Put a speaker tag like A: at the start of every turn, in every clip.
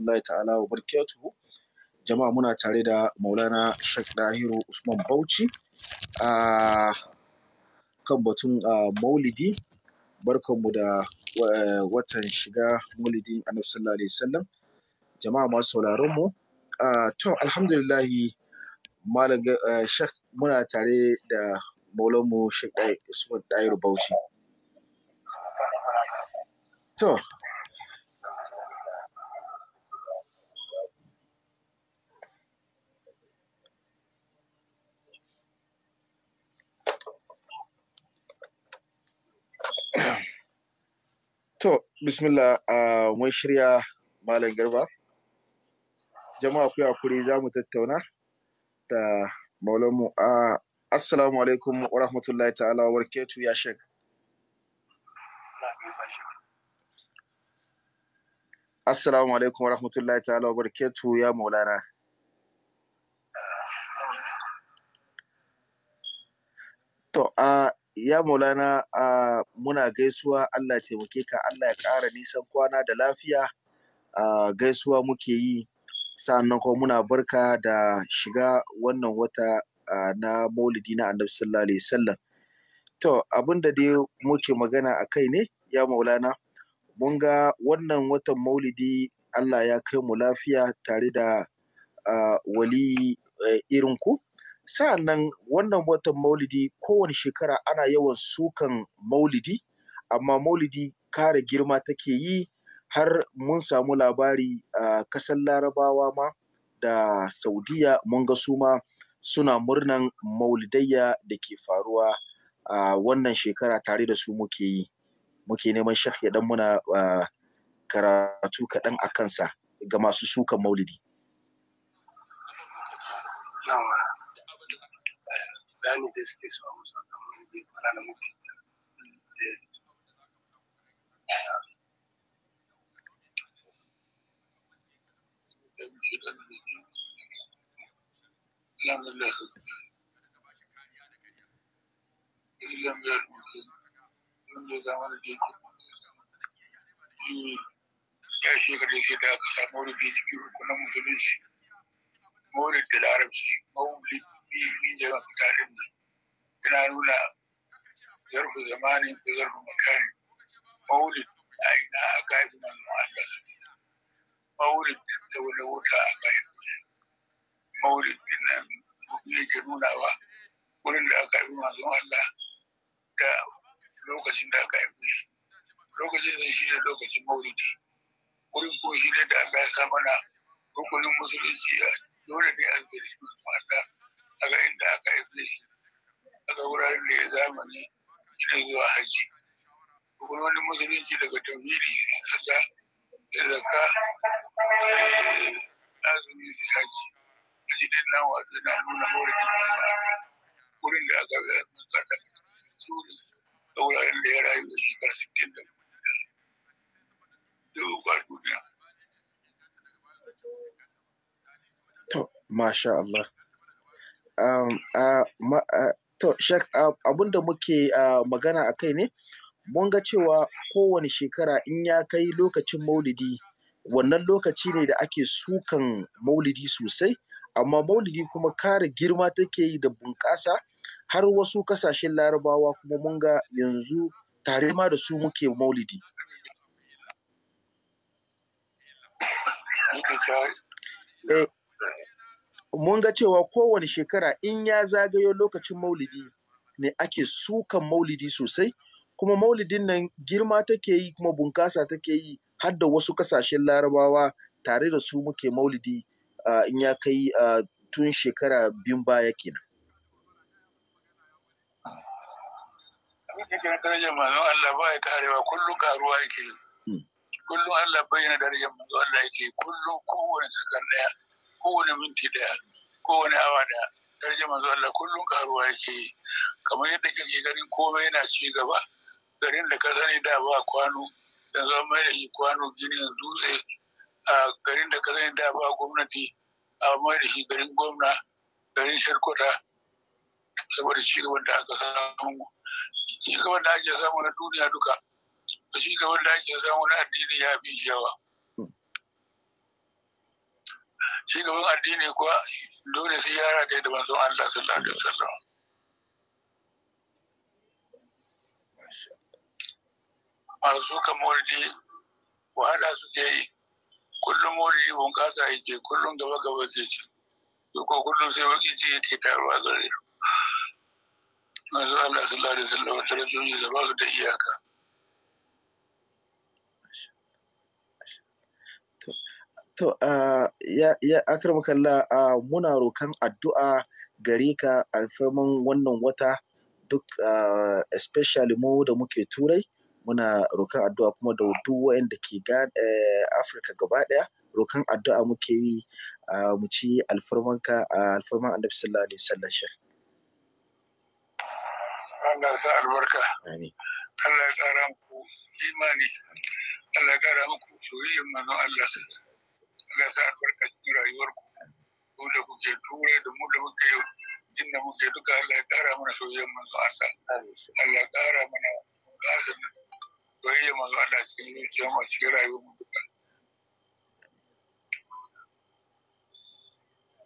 A: rahmatullahi ta'ala wa barakatuhu jama'a muna tare da maulana shek dahiru usman bauchi a kan batun maulidi barkanmu da e, watan shiga maulidin annabi sallallahu alaihi wasallam jama'a masu sauraron mu to alhamdulillahi e, shek muna tare da maulanmu shek usman dahiru bauchi to To, bismillah uh, mun shirya Malam Garba. Jama'a ku hakuri za mu tattauna da maulanmu. Uh, assalamu alaikum wa rahmatullahi ta'ala wa barakatu ya shek. Assalamu alaikum wa rahmatullahi ta'ala wa barakatu ya maulana. To, uh, ya maulana uh, muna gaisuwa Allah ya taimake ka Allah ya ƙara nisan kwana da lafiya uh, gaisuwa muke yi sa'annan kuma muna barka da shiga wannan wata na maulidi na annabi sallallahu alaihi wasallam to abin da dai muke magana a kai ne ya maulana mun ga wannan watan maulidi Allah ya kai mu lafiya tare da uh, wali uh, irin ku sa'an nan wannan watan maulidi kowane shekara ana yawan sukan maulidi amma maulidi kara girma take yi har mun samu labari a ƙasar larabawa ma da saudiyya mun ga su ma suna murnan maulidayya da ke faruwa a wannan shekara tare da su muke yi muke neman shekh ya dan muna karatu kaɗan a kansa ga masu sukan maulidi
B: ndani de este vamos a para la música. gerçekleşti daha kısa mor bir bir konumuzun mor ittilarımsı mevlid rijiyar makarin nan yana nuna zarfu zamanin da zarfu makarin maulid a ina aka haifi manzon Allah maulid da wani wuta aka haifi maulid din nan yake nunawa wurin da aka haifi manzon Allah da lokacin da aka yi haifi lokacin da shi ne lokacin maulidi wurin ko shi ne da Allah ya sa mana rukunin musulunci dole ne a zirgin Allah daga inda aka haife shi daga wuraren da ya zamani ina zuwa haji kuma wani musulunci daga tauhidi ya saka da zakka sai eh, azumi sai haji A din nan wasu na nuna mawarki wurin da aka ga kada su ne da wuraren da ya rayu da shekara sittin da da uku a duniya.
A: masha Allah. Um, to abin da muke magana a kai ne mun ga cewa kowane shekara in ya kai lokacin maulidi wannan lokaci ne da ake sukan maulidi sosai amma maulidi kuma kara girma take yi da bunƙasa har wasu ƙasashen larabawa kuma mun ga yanzu tare ma da su muke maulidi mun ga cewa kowane shekara in ya zagayo lokacin maulidi ne ake sukan maulidi sosai kuma maulidin nan girma take yi kuma bunkasa take yi har da wasu kasashen larabawa tare da su muke maulidi in ya kai tun shekara biyun baya kenan.
B: Allah ba kullum hmm. Kullum Allah bayyana darajar manzon Allah yake kullum kowane sakar daya. kowane minti daya kowane awa daya darajar manzo Allah kullum karuwa yake yi kamar yadda kake ganin komai yana ci gaba garin da ka sani da ba kwano yanzu an mai da shi kwano ginin dutse a garin da ka sani da ba gwamnati a mai da shi garin gwamna garin sharkota saboda ci gaban da aka samu ci gaban da ake samu na duniya duka ci gaban da ake samu na addini ya fi yawa
A: ci gaban addini kuwa dole sai yara ta da manzon
B: Allah sallallahu alaihi wasallam masu kamorji wahala suke yi kullum morji bunƙasa yake kullum gaba gaba ke ci ko kullum sai baki ci yake taruwa gare manzon Allah sallallahu alaihi wasallam tare da da iyaka
A: to ah, ya ya akramakallah ah, muna rokan addu'a gare ka alfarman wannan wata duk ah, especially mu da muke turai muna rokan addu'a kuma da duk waɗanda ke eh, afirka gaba ɗaya rokan addu'a muke yi mu ci alfarmanka alfarman annabi sallallahu alaihi wasallam shi Allah sa albarka Allah ya ƙara
B: muku imani Allah ya ƙara muku soyayyar manzon Allah Allah sa albarka cikin rayuwarku ku da kuke tura da mu da muke inda muke duka Allah ya kara mana soyayyar manzo asa Allah ya kara mana ƙarin soyayyar manzo Allah cikin zuciya mu cikin rayuwar mu duka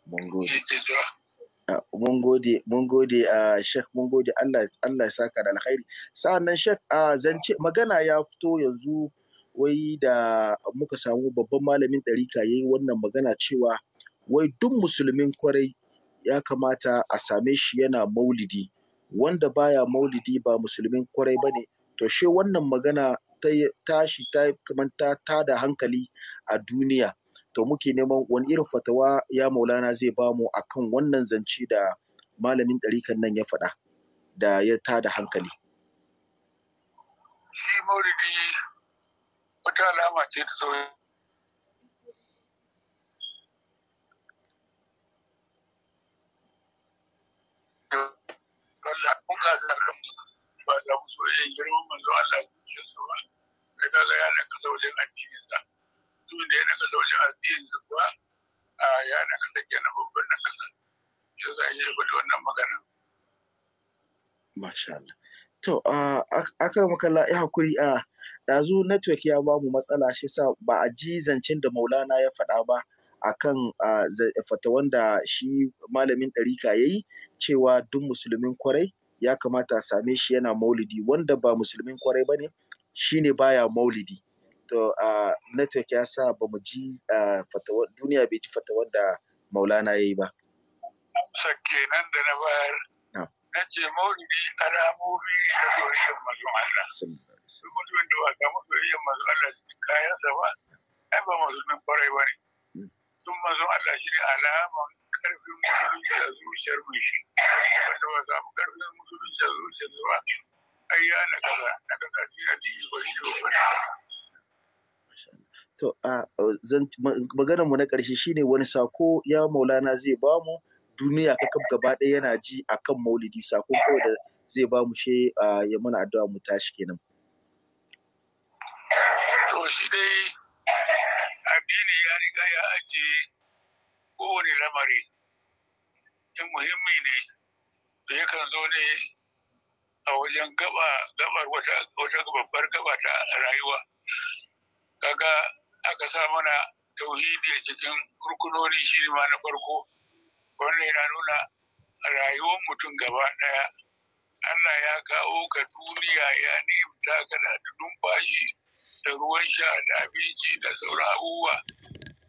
A: mun gode ah, mun gode mun gode a ah, shek mun gode Allah Allah ya saka da alkhairi sa'annan shek a ah, zance magana ya fito yanzu wai da muka samu babban malamin ɗarika ya yi wannan magana cewa wai duk musulmin kwarai ya kamata a same shi yana maulidi wanda baya maulidi ba musulmin kwarai ba ne to shi wannan magana ta tashi ta kamar ta tada hankali a duniya to muke neman wani irin fatawa ya maulana zai bamu akan wannan zance da malamin ɗarikan nan ya faɗa da ya tada hankali
B: shi maulidi wata alama ce ta sauyi Allah ba za mu girman manzo Allah ce su ba kai kaga ya addinin sa su ne ya addinin sa kuwa a ya naka sake na babban na kasa ya za yi gudu wannan magana
A: masha Allah to a makalla ya a ɗazu network ya bamu matsala shi sa ba a ji zancen da maulana ya faɗa ba akan fatawan da shi malamin ɗarika ya yi cewa duk musulmin kwarai ya kamata a same shi yana maulidi wanda ba musulmin kwarai ba ne ne baya maulidi to network ya sa ba mu ji duniya bai ji fatawan da maulana ya yi ba kenan da na bayar na ce maulidi alamomi ne na soyayyar manzon Allah su mutumin da ba ga masoyiyan manzo Allah cikin kayansa
B: ba ai ba musulmin kwarai ba ne sun hmm. manzo Allah shi ne alaman karfin musulunci a zuciyar mai shi wanda ba samu karfin musulunci a zuciyar ba ai ya na kaza na kaza shi na biyu ba shi ba
A: To maganar mu na ƙarshe shine wani sako ya maulana zai bamu duniya kakaf gaba ɗaya yana ji akan maulidi sakon kawai da zai bamu shi ya mana addu'a mu tashi kenan.
B: to dai addini ya riga ya ajiye kowane lamari in muhimmi ne da yakan zo ne a wajen gaba gabar wata babbar gaba ta rayuwa kaga aka sa mana tauhidi a cikin rukunoni shi ma na farko wannan yana nuna rayuwar mutum gaba ɗaya Allah ya kawo ka duniya ya ni'imta takada da numfashi da ruwan sha da abinci da sauran abubuwa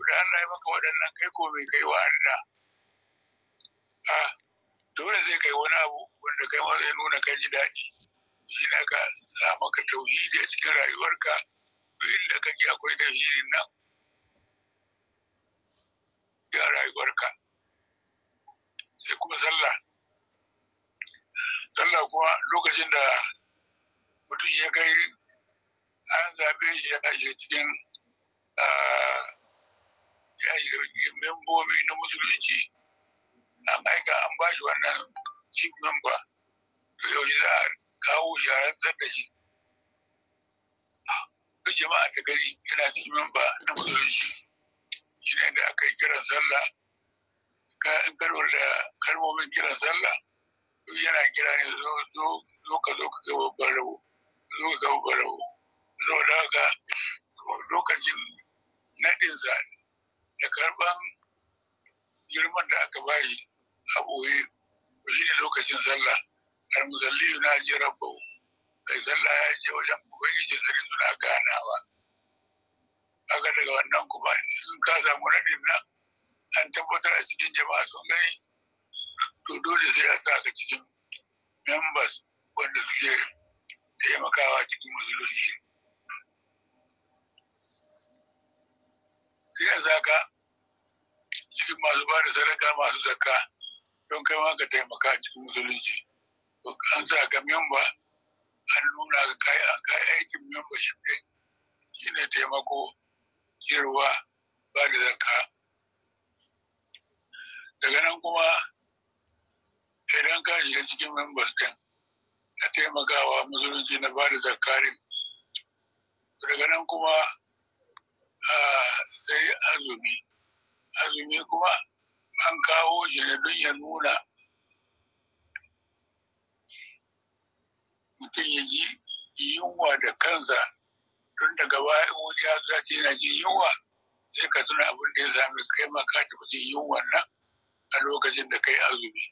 B: da Allah ya maka waɗannan kai ko bai kai wa Allah a dole zai kai wani abu wanda kai ma zai nuna ka ji daɗi shi na ka sa maka tauhidi a cikin rayuwarka duk inda kake akwai tauhidin nan ya rayuwarka sai kuma sallah sallah kuma lokacin da mutum ya kai an zaɓe shi ya shi cikin ya shiga membobi na musulunci an aika an ba shi wannan chief member to yau za a kawo shi a rantsar da shi duk jama'a ta gari yana cikin memba na musulunci shi ne da aka yi kiran sallah in karo da kalmomin kiran sallah yana kira ne zo ka zo ka gaba rabo zo ka gaba rabo saboda haka lokacin naɗin zaɓe da karɓar girman da aka bayi a ɓoye shi ne lokacin sallah har musalli na ji rabbau kai sallah ya je wajen ubangiji sai suna ganawa aka daga wannan kuma sun ka samu naɗin nan an tabbatar a cikin jama'a sun gani to dole sai a sa ka cikin members wanda suke taimakawa cikin musulunci sai yanzu haka cikin masu ba da sadaka masu zakka don kai ma ka taimaka cikin musulunci an sa ka memba an nuna ka kai kai aikin memba shi ne shi ne taimako ciyarwa ba da zakka daga nan kuma idan ka shiga cikin members din na taimakawa musulunci na ba da zakkarin daga nan kuma ah, zai azumi azumi kuma an kawo shi ne don ya nuna mutum ya ji yunwa da kansa don daga baya in wani ya zuwa ce yana jin yunwa sai ka tuna abin da ya sami kai ma ka taɓa jin yunwa nan a lokacin da kai azumi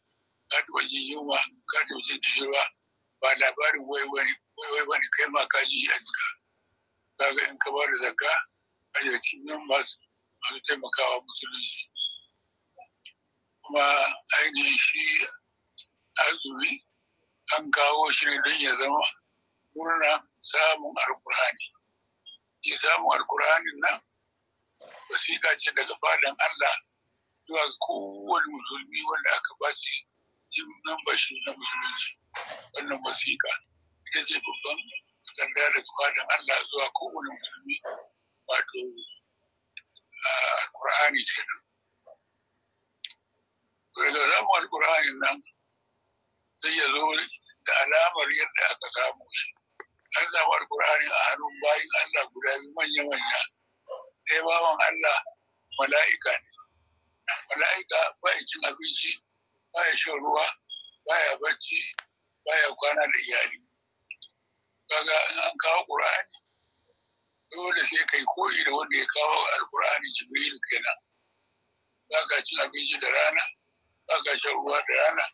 B: ka taɓa jin yunwa ka taɓa jin kishirwa ba labarin wai wani kai ma ka ji a jika ga in ka ba da zakka kayyakin nan masu taimakawa musulunci kuma ainihin shi azumi an kawo shi ne don ya zama murna samun alkur'ani ya samun alkurani na, wasiƙa ce daga fadan allah zuwa ga kowane musulmi wanda aka ba shi yin shi na musulunci wannan wasiƙa ita ce babban takarda daga fadan allah zuwa kowane musulmi wato ƙur'ani ah, kenan wailaran alƙur'ani nan sai ya zo da alamar yadda aka samu shi an zama alƙur'ani a hannun bayan allah guda biyu manya-manya ɗaya bawan allah mala'ika ne mala'ika baya cin abinci baya shan ruwa baya bacci baya kwana da iyali kaga an kawo ƙur'ani dole sai kai koyi da wanda ya kawo alkur'ani jibril kenan ba ka cin abinci da rana ba ka shan ruwa da rana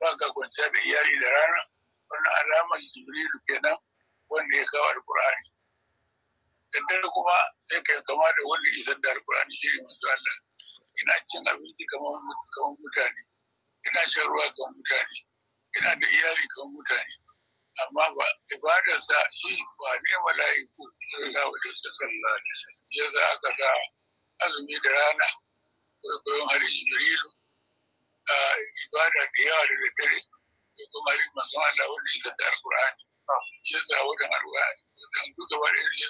B: ba ka kwanciya da iyali da rana wannan alamar jibril kenan wanda ya kawo alkur'ani daddare kuma sai kai kama da wanda ya san da alkur'ani shi ne manzo Allah ina cin abinci kamar mutane ina shan ruwa kamar mutane ina da iyali kamar mutane amma ba ibadarsa shi ba ne mala'iku da wajen ta sallah da shi ya za aka ga azumi da rana kwaikwayon hari jibrilu a ibada da yawa da daddare da kuma hari manzon Allah wanda ya zata qurani ya za wajen alƙur'ani wajen duka wani ya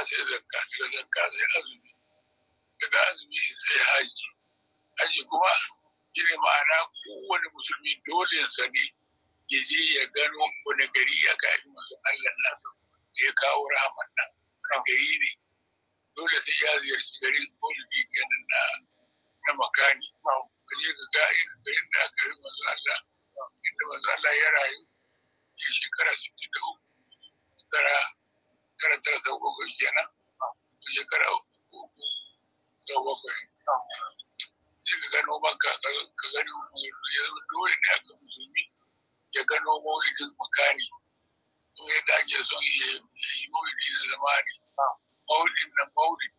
B: gona sai zakka daga zakka sai azumi daga azumi sai haji haji kuma shine ma'ana kowane musulmi dole ya sani ya je ya gano wani gari ya kafi masu Allah na da ya kawo rahaman nan wani gari ne dole sai ya ziyarci garin dole ne kenan na na makani ka je ka ga irin garin da aka yi masu Allah inda masu Allah ya rayu ya shekara 63 shekara shekara tara sau bakwai kenan shekara uku sau bakwai sai ka gano maka ka gani yanzu dole ne aka musulmi ya gano maulidin makani to yadda ake son ya yi maulidi na zamani maulidin na maulid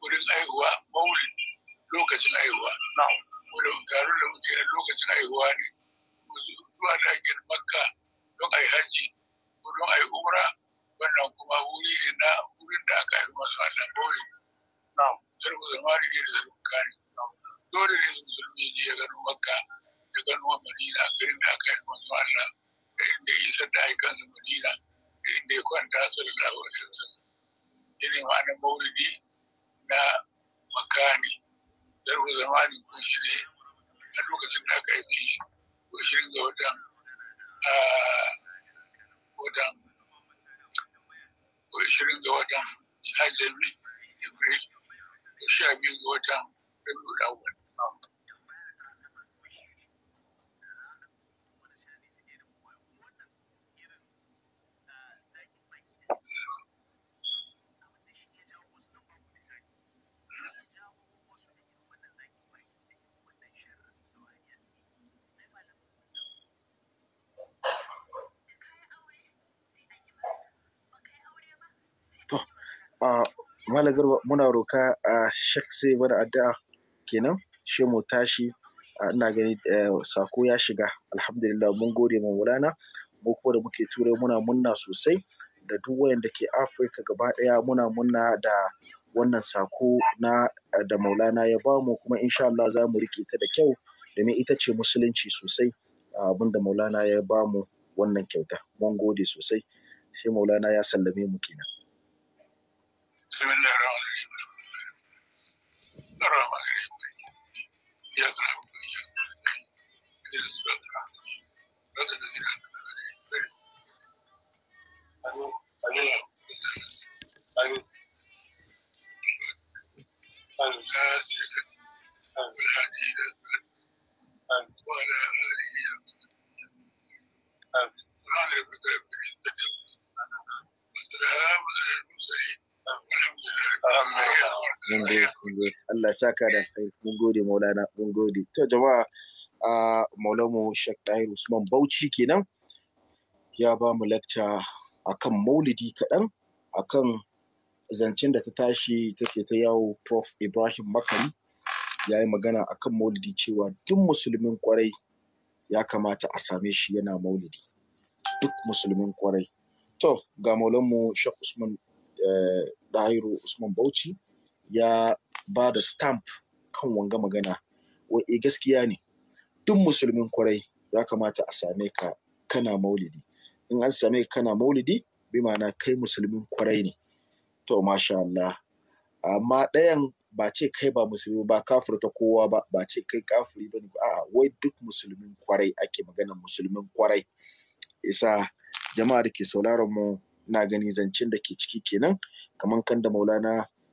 B: wurin aihuwa maulid lokacin aihuwa wanda taron da muke na lokacin aihuwa ne zuwa da ake makka don a yi hajji ko don a yi umra wannan kuma wuri ne na wurin da aka yi masu Allah dole. Sarku zama da ke da sarku kare. Dole ne su musulmi je ya gano Makka ya gano Madina garin da aka yi masu Allah da inda ya isar da aikansa Madina da inda ya kwanta sallallahu alaihi wasallam. Shi ne ma'anar maulidi na makani. Sarku zama da kun shi ne a lokacin da aka yi shi ko shirin ga watan ah, watan shouldn't ishirin ga watan azumi Ibrahim sha should ga watan Rabiul down.
A: a malagar muna roka a shek sai bada addu'a kenan shi mu tashi ina gani e, sako ya shiga alhamdulillah mun gode ma mulana mu kuma da muke turai muna munna sosai da duk wayanda ke afirka gaba daya muna munna da wannan sako na e, da maulana ya bamu kuma insha Allah za mu rike ta da kyau domin ita ce musulunci sosai abin da maulana ya bamu wannan kyauta mun gode sosai shi maulana ya sallame mu kenan
B: بسم الله الرحمن الرحيم الرحمن الرحيم إياك نعبد وإياك نستعين اهدنا الصراط المستقيم صراط الذين أنعمت عليهم غير المغضوب عليهم آمين آمين لا شريك له والهادي إلى صراط وعلى آله وصحبه آمين سبحان ربك رب العزة عما يصفون وسلام على
A: Allah saka da kai mun gode maulana mun gode to jama'a a maulamu Sheikh Tahir Usman Bauchi kenan ya ba mu lecture akan maulidi kaɗan akan zancen da ta tashi take ta yawo prof Ibrahim Makari ya yi magana akan maulidi cewa duk musulmin kwarai ya kamata a same shi yana maulidi duk musulmin kwarai to ga maulamu Sheikh Usman Dahiru eh, Usman Bauchi ya ba da stamp kan wanga magana Wai e gaskiya ne duk musulmin kwarai ya kamata a same ka kana maulidi in an same ka kana maulidi bi ma'ana kai musulmin kwarai ne to masha Allah amma ɗayan ba ce kai ba musulmi ba ta kowa ba ba ce kai kafiri ba ne a'a wai duk musulmin kwarai ake magana musulmin kwarai isa jama'a da ke sauraron mu na gani zancen da ke ciki kenan kamar kan da maulana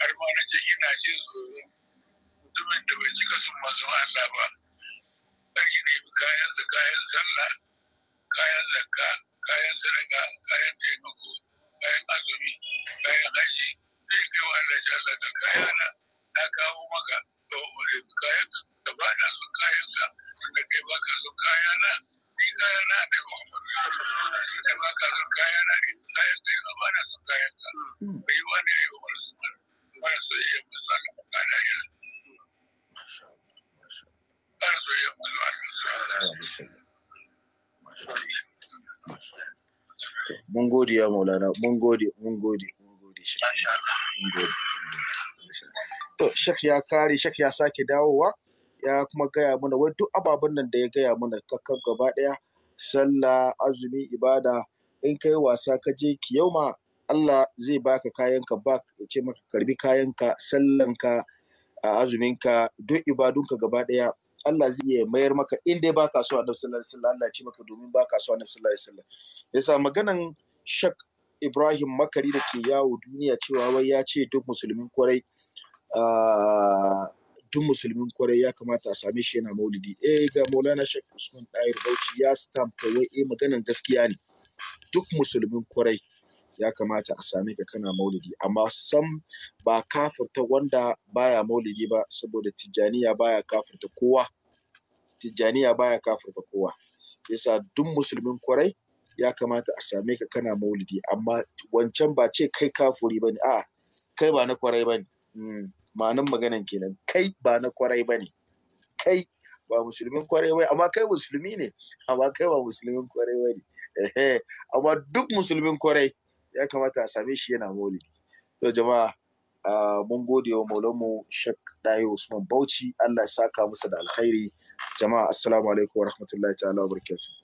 B: har ma na ce ina jin tsoro mutumin da bai cika sun mazan Allah ba har yi nemi kayansa kayan sallah kayan zakka kayan sadaka kayan taimako kayan azumi kayan haji zai kai wa Allah ya Allah ka kayana na kawo maka ka ware kayan
A: gode ya maulana mun gode mun gode mun gode to shek ya kare shek ya sake dawowa ya kuma gaya mana wai duk ababen nan da ya gaya mana kakkan gaba daya sallah azumi ibada in kai wasa ka je kiyauma Allah zai baka ka ba ya ce maka karbi kayan ka sallanka ka duk ka gaba daya Allah zai iya mayar maka inda baka so annabi sallallahu alaihi wasallam Allah ya ce maka domin baka so annabi sallallahu alaihi wasallam yasa maganan shak ibrahim makari da ke yawo duniya cewa wai ya ce duk musulmin kwarai ah, duk musulmin kwarai ya kamata a same shi yana maulidi E, ga maulana shak usman dair bauchi ya stampa wai eh maganan gaskiya ne duk musulmin kwarai ya kamata a same ka kana maulidi amma sam ba kafirta wanda baya maulidi ba saboda tijjaniya baya kafirta kowa tijjaniya baya kafirta kowa yasa duk musulmin kwarai ya kamata a same ka kana maulidi amma wancan ba ce kai kafuri bane a kai ba na kwarai bane hmm, ma'anin maganan kenan kai ba na kwarai bane kai ba musulmin kwarai bane amma kai musulmi ne amma kai ba musulmin kwarai bane amma duk musulmin kwarai ya kamata a same shi yana maulidi to jama'a mun gode wa maulanmu shak dayo usman bauchi allah ya saka musu da alkhairi jama'a assalamu alaikum wa rahmatullahi ta'ala wa barakatuh